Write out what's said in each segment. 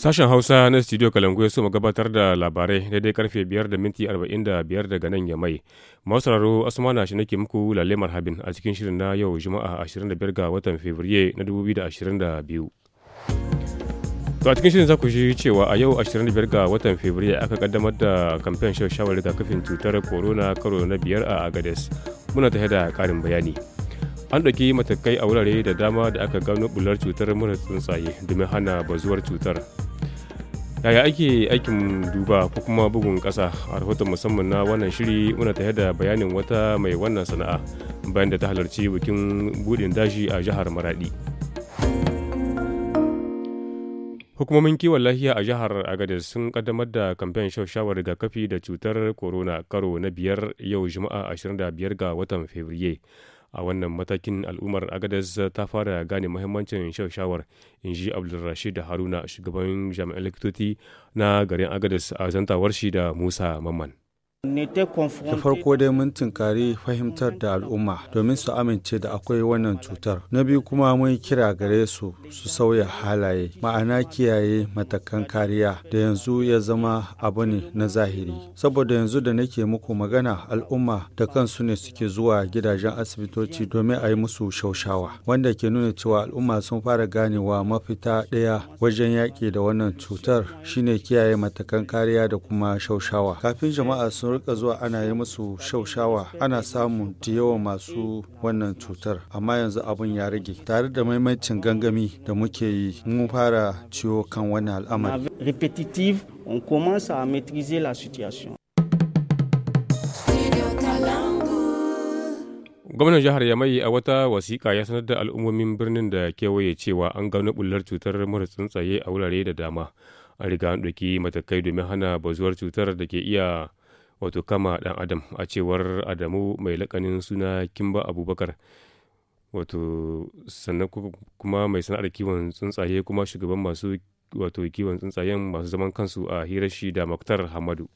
Sashen Hausa na Studio Kalangoyo su gabatar da labarai daidai karfe 5 da minti 45 daga nan ya mai. Masararo Asmana shi nake muku lalle marhabin a cikin shirin na yau Juma'a 25 ga watan Fabrairu na 2022. To a cikin shirin za ku ji cewa a yau 25 ga watan Fabrairu aka kaddamar da kamfen shawarar rigakafin cutar corona karo na biyar a Agades. Muna tafiya da karin bayani. an ɗauki matakai a wurare da dama da aka gano bular cutar mura tsuntsaye domin hana bazuwar cutar yaya ake aikin duba ko kuma bugun ƙasa a rahoton musamman na wannan shiri muna tare da bayanin wata mai wannan sana'a bayan da ta halarci bikin budin dashi a jihar maradi hukumomin kiwon lafiya a jihar agadez sun kaddamar da kamfen shawarar kafi da cutar corona karo na biyar yau juma'a 25 ga watan fabriye a wannan matakin al'ummar agadas ta fara gane mahimmancin shawar in ji abdulrashid haruna shugaban jami'an likitoci na garin agadas a zantawar shi da musa mamman Da farko dai mun tunkari fahimtar da al'umma domin su amince da akwai wannan cutar. Na biyu kuma mun kira gare su su sauya halaye, ma'ana kiyaye matakan kariya da yanzu ya zama abu ne na zahiri. Saboda yanzu da nake muku magana al'umma da kansu ne suke zuwa gidajen asibitoci domin a yi musu shaushawa, wanda ke nuna cewa al'umma sun fara ganewa mafita ɗaya wajen yaƙi da wannan cutar shine kiyaye matakan kariya da kuma shaushawa. Kafin jama'a sun rika zuwa ana yi musu shaushawa ana samun da yawa masu wannan cutar amma yanzu abun ya rage tare da maimacin gangami da muke yi mun fara ciwo kan wannan al'amari gwamnan jihar yamai a wata wasiƙa ya sanar da al'ummomin birnin da kewaye cewa an gano bullar cutar mara tsuntsaye a wurare da dama an riga an ɗauki matakai domin hana bazuwar cutar da ke iya wato kama ɗan adam a cewar adamu mai lakanin suna kimba abubakar wato sannan kuma mai sana'ar kiwon tsuntsaye kuma shugaban masu wato kiwon tsuntsayen masu zaman kansu a hirar shi da muktar hamadu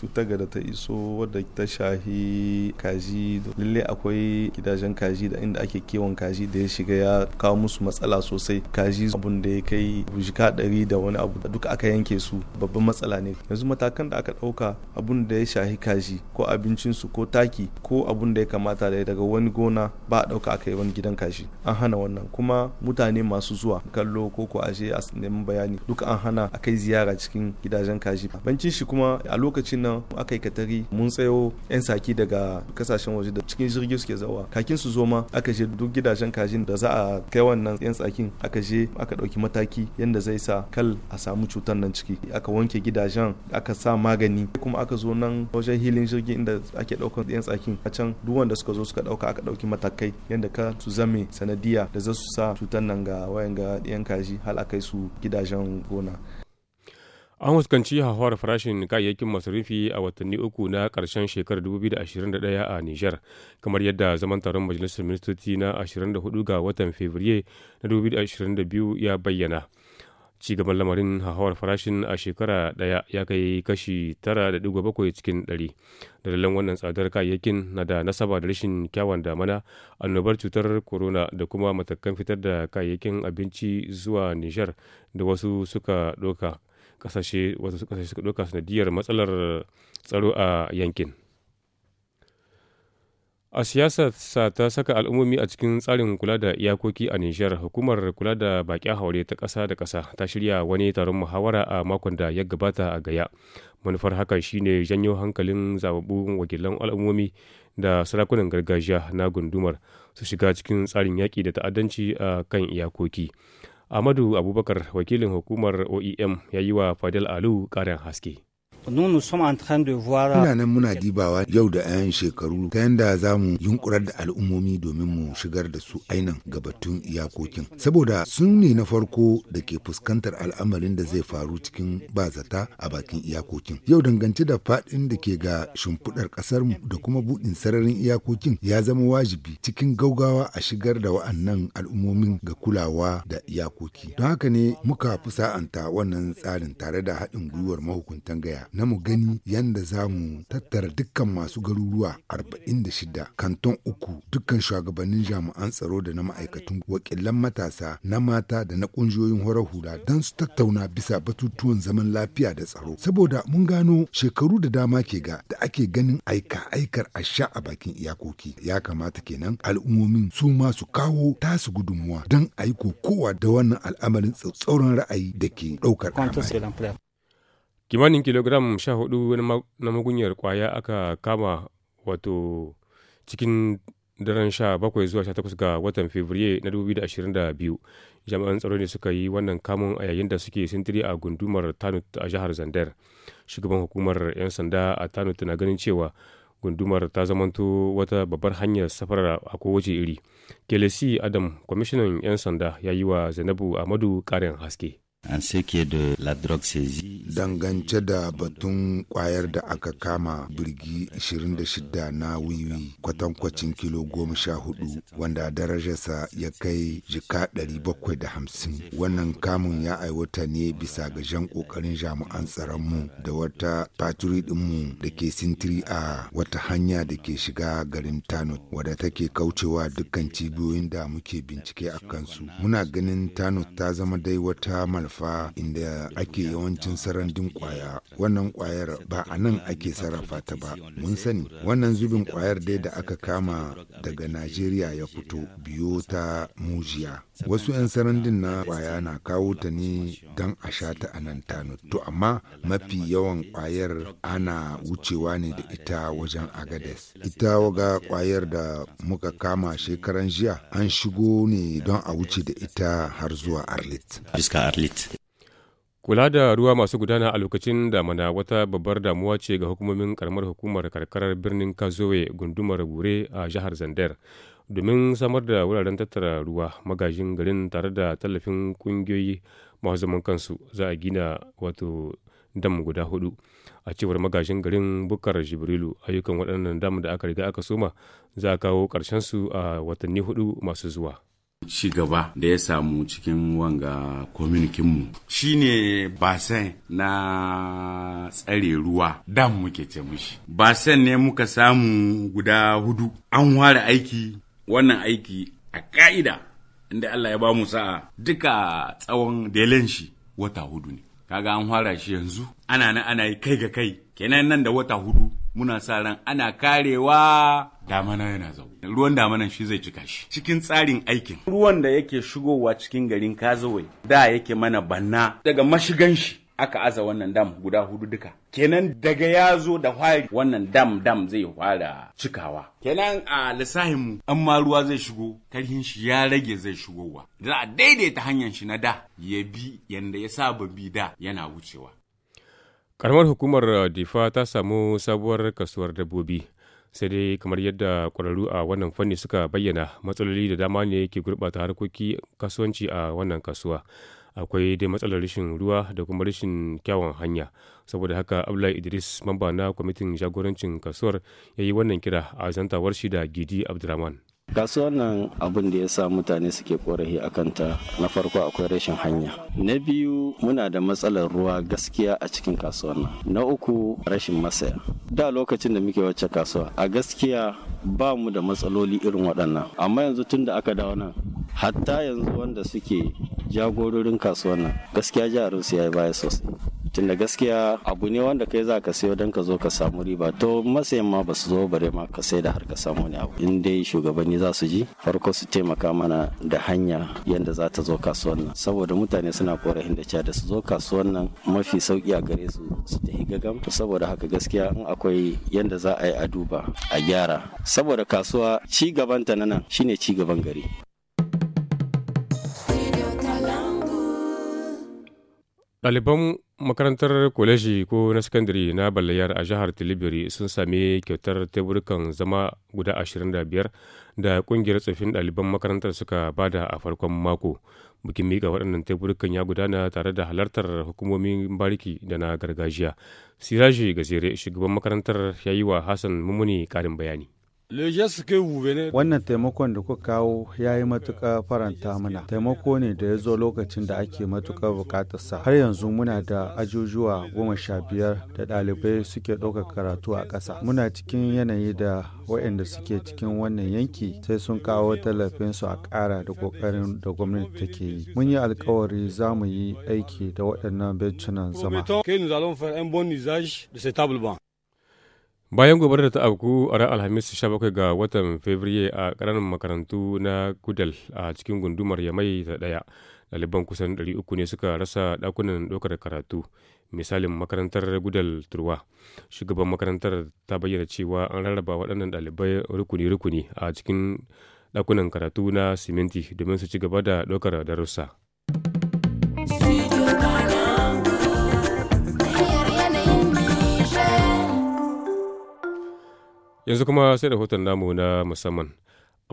cutar da ta iso wadda ta shahi kaji lalle akwai gidajen kaji da inda ake kiwon kaji da ya shiga ya kawo musu matsala sosai kaji abun da ya kai jika ɗari da wani abu da duka aka yanke su babban matsala ne yanzu matakan da aka ɗauka abun da ya shahi kaji ko abincinsu ko taki ko abun da ya kamata da daga wani gona ba a ɗauka aka yi wani gidan kaji an hana wannan kuma mutane masu zuwa kallo ko ko aje a neman bayani duk an hana a kai ziyara cikin gidajen kaji bancin shi kuma a lokacin nan aka yi katari mun tsayo 'yan saki daga kasashen waje da cikin jirgi suke zawa kakin su zo ma aka je duk gidajen kajin da za a kai wannan 'yan tsakin aka je aka ɗauki mataki yadda zai sa kal a samu cutar nan ciki aka wanke gidajen aka sa magani kuma aka zo nan wajen hilin jirgi inda ake daukan 'yan tsakin a can duk wanda suka zo suka ɗauka aka ɗauki matakai yadda ka su zame sanadiyya da za su sa cutar nan ga wayan ga 'yan kaji hal a kai su gidajen gona An fuskanci hauhawar farashin kayayyakin masarufi a watanni uku na karshen shekarar 2021 a Nijar, kamar yadda zaman taron Majalisar Ministoci na 24 ga watan Fabriye na 2022 ya bayyana. Ci gaban lamarin hauhawar farashin a shekara daya ya kai kashi 9.7 cikin 100. Dalilan wannan tsadar kayayyakin na da nasaba da rashin kyawun damana, annobar cutar corona da kuma matakan fitar da kayayyakin abinci zuwa Nijar da wasu suka doka. kasashe wasu kasashe suka ɗauka sanadiyar matsalar tsaro a yankin a siyasa sa ta saka al'ummomi a cikin tsarin kula da iyakoki a nijar hukumar kula da baƙi haure ta ƙasa da ƙasa ta shirya wani taron muhawara a makon da ya gabata a gaya manufar hakan shine janyo hankalin zababbun wakilan al'ummomi da sarakunan gargajiya na gundumar su shiga cikin tsarin yaƙi da ta'addanci a kan iyakoki Amadu Abubakar wakilin hukumar OEM ya yi wa Fadil Alu ƙarin haske. ina nan muna dibawa yau da 'yan shekaru ta yanda za mu yunkurar da al'ummomi domin mu shigar da su ainan gabatun iyakokin. Saboda sun ne na farko da ke fuskantar al'amarin da zai faru cikin bazata a bakin iyakokin. Yau dangance da faɗin da ke ga shimfiɗar mu da kuma buɗin sararin iyakokin ya zama wajibi cikin gaugawa a shigar da wa'annan al'ummomin ga kulawa da iyakoki. Don haka ne muka sa'anta wannan tsarin tare da haɗin gwiwar mahukuntan gaya. na mu gani yadda za mu tattara dukkan masu garuruwa 46 kanton uku dukkan shugabannin jami'an tsaro da na ma'aikatun wakilan matasa na mata da na kungiyoyin horar hula don su tattauna bisa batutuwan zaman lafiya da tsaro saboda mun gano shekaru da dama ke ga da ake ganin aika aikar asha a bakin iyakoki ya kamata kenan al'ummomin su ma su kawo tasu gudunmuwa don aiko kowa da wannan al'amarin tsatsauran ra'ayi da ke ɗaukar kimanin kilogram sha hudu na magunyar kwaya aka kama wato cikin daren sha bakwai zuwa sha takwas ga watan fevrier na 2022 jami'an tsaro ne suka yi wannan kamun a yayin da suke sintiri a gundumar tanut a jihar zandar shugaban hukumar 'yan sanda a tanut na ganin cewa gundumar ta zamanto wata babbar hanyar safarar a kowace iri kelesi adam kwamishinan 'yan sanda ya yi wa zainabu amadu ƙarin haske Dangance da batun kwayar da aka kama birgi 26 na wiwi kwatankwacin kilo 14 wanda darajarsa ya kai jika 750. Wannan kamun ya aiwata ne bisa ga jan kokarin jami'an mu da wata faturi dinmu da ke sintiri a wata hanya da ke shiga garin Tanut wadda take kaucewa dukkan cibiyoyin da muke bincike a kansu. Muna ganin Tanut ta zama dai wata mal sarrafa inda ake yawancin sarandin kwaya wannan kwayar ba a nan ake sarrafa ta ba mun sani wannan zubin kwayar dai da aka kama daga najeriya ya fito biyo ta mujiya wasu 'yan sarandin na kwaya na kawo ta ne don a sha ta a nan tanu to amma mafi yawan kwayar ana wucewa ne da ita wajen agades ita waga kwayar da muka kama shekaran jiya an shigo ne don a wuce da ita har zuwa arlit Kula da ruwa masu gudana a lokacin damana wata babbar damuwa ce ga hukumomin karamar hukumar karkarar birnin Kazowe gundumar Bure a jihar Zandar. Domin samar da wuraren tattara ruwa magajin garin tare da tallafin kungiyoyi masu zaman kansu za a gina wato dam guda hudu. A cewar magajin garin Bukar Jibrilu ayyukan waɗannan dam da aka riga aka soma za a kawo su a watanni hudu masu zuwa. cigaba gaba da ya samu cikin wanga kominikinmu ne basen na tsare ruwa dam muke ce mushi basen ne muka samu guda hudu an ware aiki wannan aiki a ka'ida inda Allah ya ba mu sa'a duka tsawon delen shi wata hudu ne kaga an fara shi yanzu ana na ana yi kai ga kai kenan nan da wata hudu muna sa ran ana karewa damana yana zau ruwan damanan shi zai cika shi cikin tsarin aikin ruwan da yake shigowa cikin garin kazawai da yake mana banna daga mashigan shi aka aza wannan dam guda hudu duka kenan daga ya zo da hwari wannan dam dam zai fara cikawa kenan a lissahin mu an ma ruwa zai shigo karhin shi ya rage zai shigowa da a daidaita hanyar shi na da ya bi yanda ya saba bi da yana wucewa karamar hukumar difa ta samu sabuwar kasuwar dabbobi sai dai kamar yadda ƙwararru a wannan fanni suka bayyana matsaloli da dama ne ke gurɓata harkoki kasuwanci a wannan kasuwa akwai dai matsalar rashin ruwa da kuma rashin kyawun hanya saboda haka abdullahi idris mamba na kwamitin jagorancin kasuwar ya yi wannan kira a zantawar shi da gidi abdulrahman kasuwar nan abin da ya sa mutane suke korafi a kanta na farko akwai rashin hanya na biyu muna da matsalar ruwa gaskiya a cikin kasuwar nan na uku rashin masaya da lokacin da muke wacce kasuwa a gaskiya ba mu da matsaloli irin waɗannan amma yanzu tun da aka dawo nan hatta yanzu wanda suke jagororin kasuwar nan gaskiya jiharinsu ya yi baya sosai tunda gaskiya abu ne wanda kai za ka sayo don ka zo ka samu riba to masayan ma ba su zo bare ma ka sai da har ka samu ne abu in dai shugabanni za su ji farko su taimaka mana da hanya yadda za ta zo kasuwan nan saboda mutane suna korafin da cewa da su zo kasuwan nan mafi sauki a gare su su tafi gagam saboda haka gaskiya in akwai yadda za a yi a duba a gyara saboda kasuwa ci gabanta na nan shine ci gaban gari ɗaliban makarantar kwaleji ko na sakandare na balayar a jihar tilibiri sun sami kyautar teburukan zama guda 25 da kungiyar tsofin ɗaliban makarantar suka bada a farkon mako bikin mika waɗannan teburukan ya gudana tare da halartar hukumomin bariki da na gargajiya siraji gazere shugaban makarantar ya yi wa hassan mummuni ƙarin bayani Wannan taimakon da kuka kawo ya yi matuƙar faranta mana. Taimako ne da ya zo lokacin da ake matuƙar buƙatarsa. Har yanzu muna da ajujuwa goma sha biyar da ɗalibai suke ɗaukar karatu a ƙasa. Muna cikin yanayi da waɗanda suke cikin wannan yanki sai sun kawo tallafinsu a ƙara da ƙoƙarin da gwamnati take yi. Mun yi alkawari za mu yi aiki da waɗannan bencunan zama. bayan gobarar ta abu a ran alhamis 17 ga watan fevrier a karanin makarantu na gudal a cikin gundumar yamai ta daya ɗaliban kusan 300 ne suka rasa ɗakunan ɗaukar karatu misalin makarantar gudal turwa shugaban makarantar ta bayyana cewa an rarraba waɗannan ɗalibai rukuni-rukuni a cikin ɗakunan karatu na siminti domin su ci gaba da ɗaukar darussa. Yanzu kuma sai rahoton namu na musamman.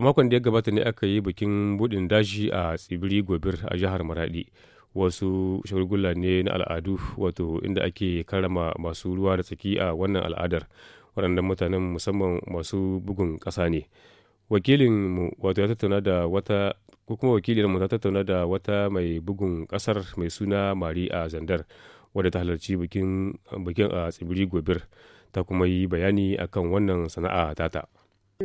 A makon da ya gabata ne aka yi bikin budin daji a tsibiri gobir a jihar Maradi. Wasu shagulgula ne na al'adu wato inda ake karama masu ruwa da tsaki a wannan al'adar. Waɗannan mutanen musamman masu bugun ƙasa ne. Wakilinmu wato ya tattauna da wata ko kuma mu ta tattauna da wata mai bugun ƙasar mai suna Mari a Zandar wadda ta halarci bikin a tsibiri gobir. ta kuma yi bayani akan wannan sana'a tata.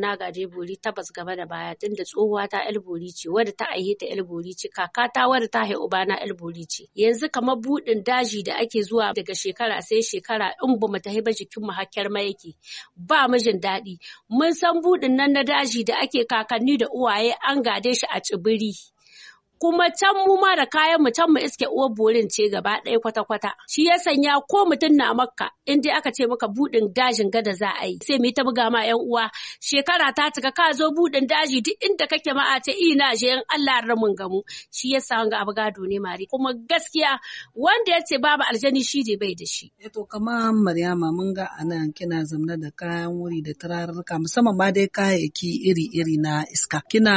na gaje bori tabbas gaba da baya tun da tsohuwa ta el bori ce wadda ta aihe ta el bori ce kaka ta wadda ta haihu ubana el bori ce yanzu kamar budin daji da ake zuwa daga shekara sai shekara in ba mu tahi ba jikin mu hakkar ma yake ba mijin daɗi mun san budin nan na daji da ake kakanni da uwaye an gade shi a tsibiri kuma can mu ma da kayan mu can mu iske uwar borin ce gaba ɗaya kwata-kwata. Shi ya sanya ko mutum na makka in dai aka ce maka buɗin dajin gada za a yi sai mu yi ta buga ma 'yan uwa shekara ta cika ka zo buɗin daji duk inda kake ma a ce ina je in Allah ramin gamu shi ya sa ga abu gado ne mari kuma gaskiya wanda ya ce babu aljani shi de bai da shi. Eh to kama Maryama mun ga anan kina zamna da kayan wuri da turarruka musamman ma dai kayayyaki iri-iri na iska kina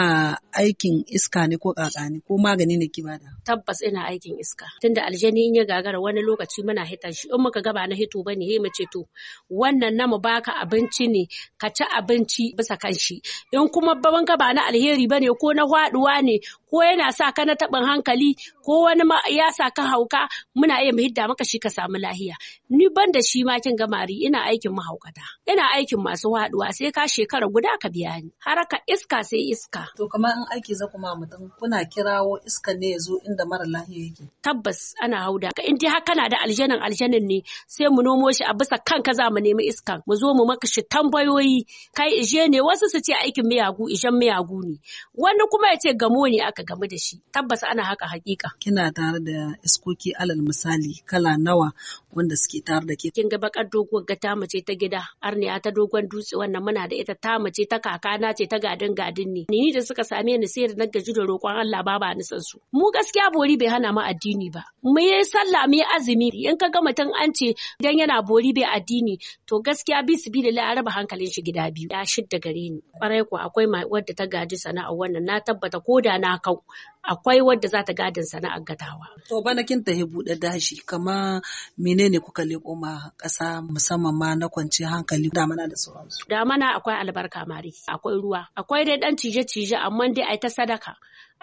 aikin iska ne ko kaka ne ko ko magani ne ki bada tabbas ina aikin iska tunda aljani in ya gagara wani lokaci muna hita shi in muka gaba na hito bane he mace to wannan na mu baka abinci ne ka ci abinci bisa kanshi. in kuma baban gaba na alheri bane ko na faduwa ne ko yana sa ka na taɓin hankali ko wani ya sa ka hauka muna iya muhidda maka shi ka samu lahiya ni ban da shi ma kin gamari ina aikin mahaukata ina aikin masu haɗuwa sai ka shekara guda ka biya ni haraka iska sai iska to kamar in aiki za kuma mutum kuna kirawo iska ne ya zo inda mara lahiya yake tabbas ana hauda in dai haka na da aljanin aljanin ne sai mu nomo shi a bisa kanka za mu nemi iskan mu zo mu maka shi tambayoyi kai ije ne wasu su ce aikin miyagu ijen miyagu ne wani kuma ya ce gamo ne aka game da shi tabbas ana haka hakika kina tare da iskoki alal misali kala nawa wanda suke tare da ke kin ga bakar doguwar ga ta mace ta gida arniya ta dogon dutse wannan muna da ita ta mace ta kaka, na ce ta gadin gadin ne ni da suka same ni sai da na gaji da roƙon Allah baba ba ni san su mu gaskiya bori bai hana mu addini ba mu yi sallah mu yi azumi in ka ga mutum an ce dan yana bori bai addini to gaskiya bi su bi da araba hankalin shi gida biyu ya shidda gare ni kwarai ko akwai mai wadda ta gaji sana'a wannan na tabbata ko da na kawo akwai wadda za ta gadin sana'ar gatawa. To bana kin buɗe dashi kama menene kuka leko ma ƙasa musamman ma na kwance hankali damana da sauransu. Damana akwai albarka mari akwai ruwa akwai dai ɗan cije-cije amma dai ai ta sadaka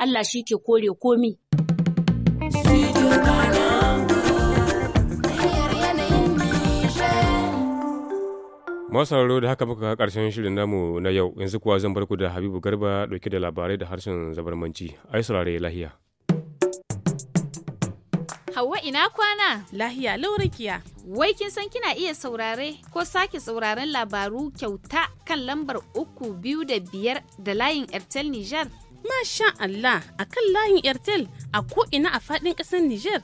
Allah shi ke kore komi. Studio Masu da haka muka karshen shirin namu na yau yanzu kuwa zan bar ku da Habibu Garba dauke da labarai da harshen zabarmanci. Ai saurare lahiya. Hauwa ina kwana? Lahiya laurakiya. Wai kin san kina iya saurare ko sake sauraren labaru kyauta kan lambar uku biyu da biyar da layin Airtel Niger? Masha Allah a kan layin Airtel a ko ina a faɗin ƙasar Niger.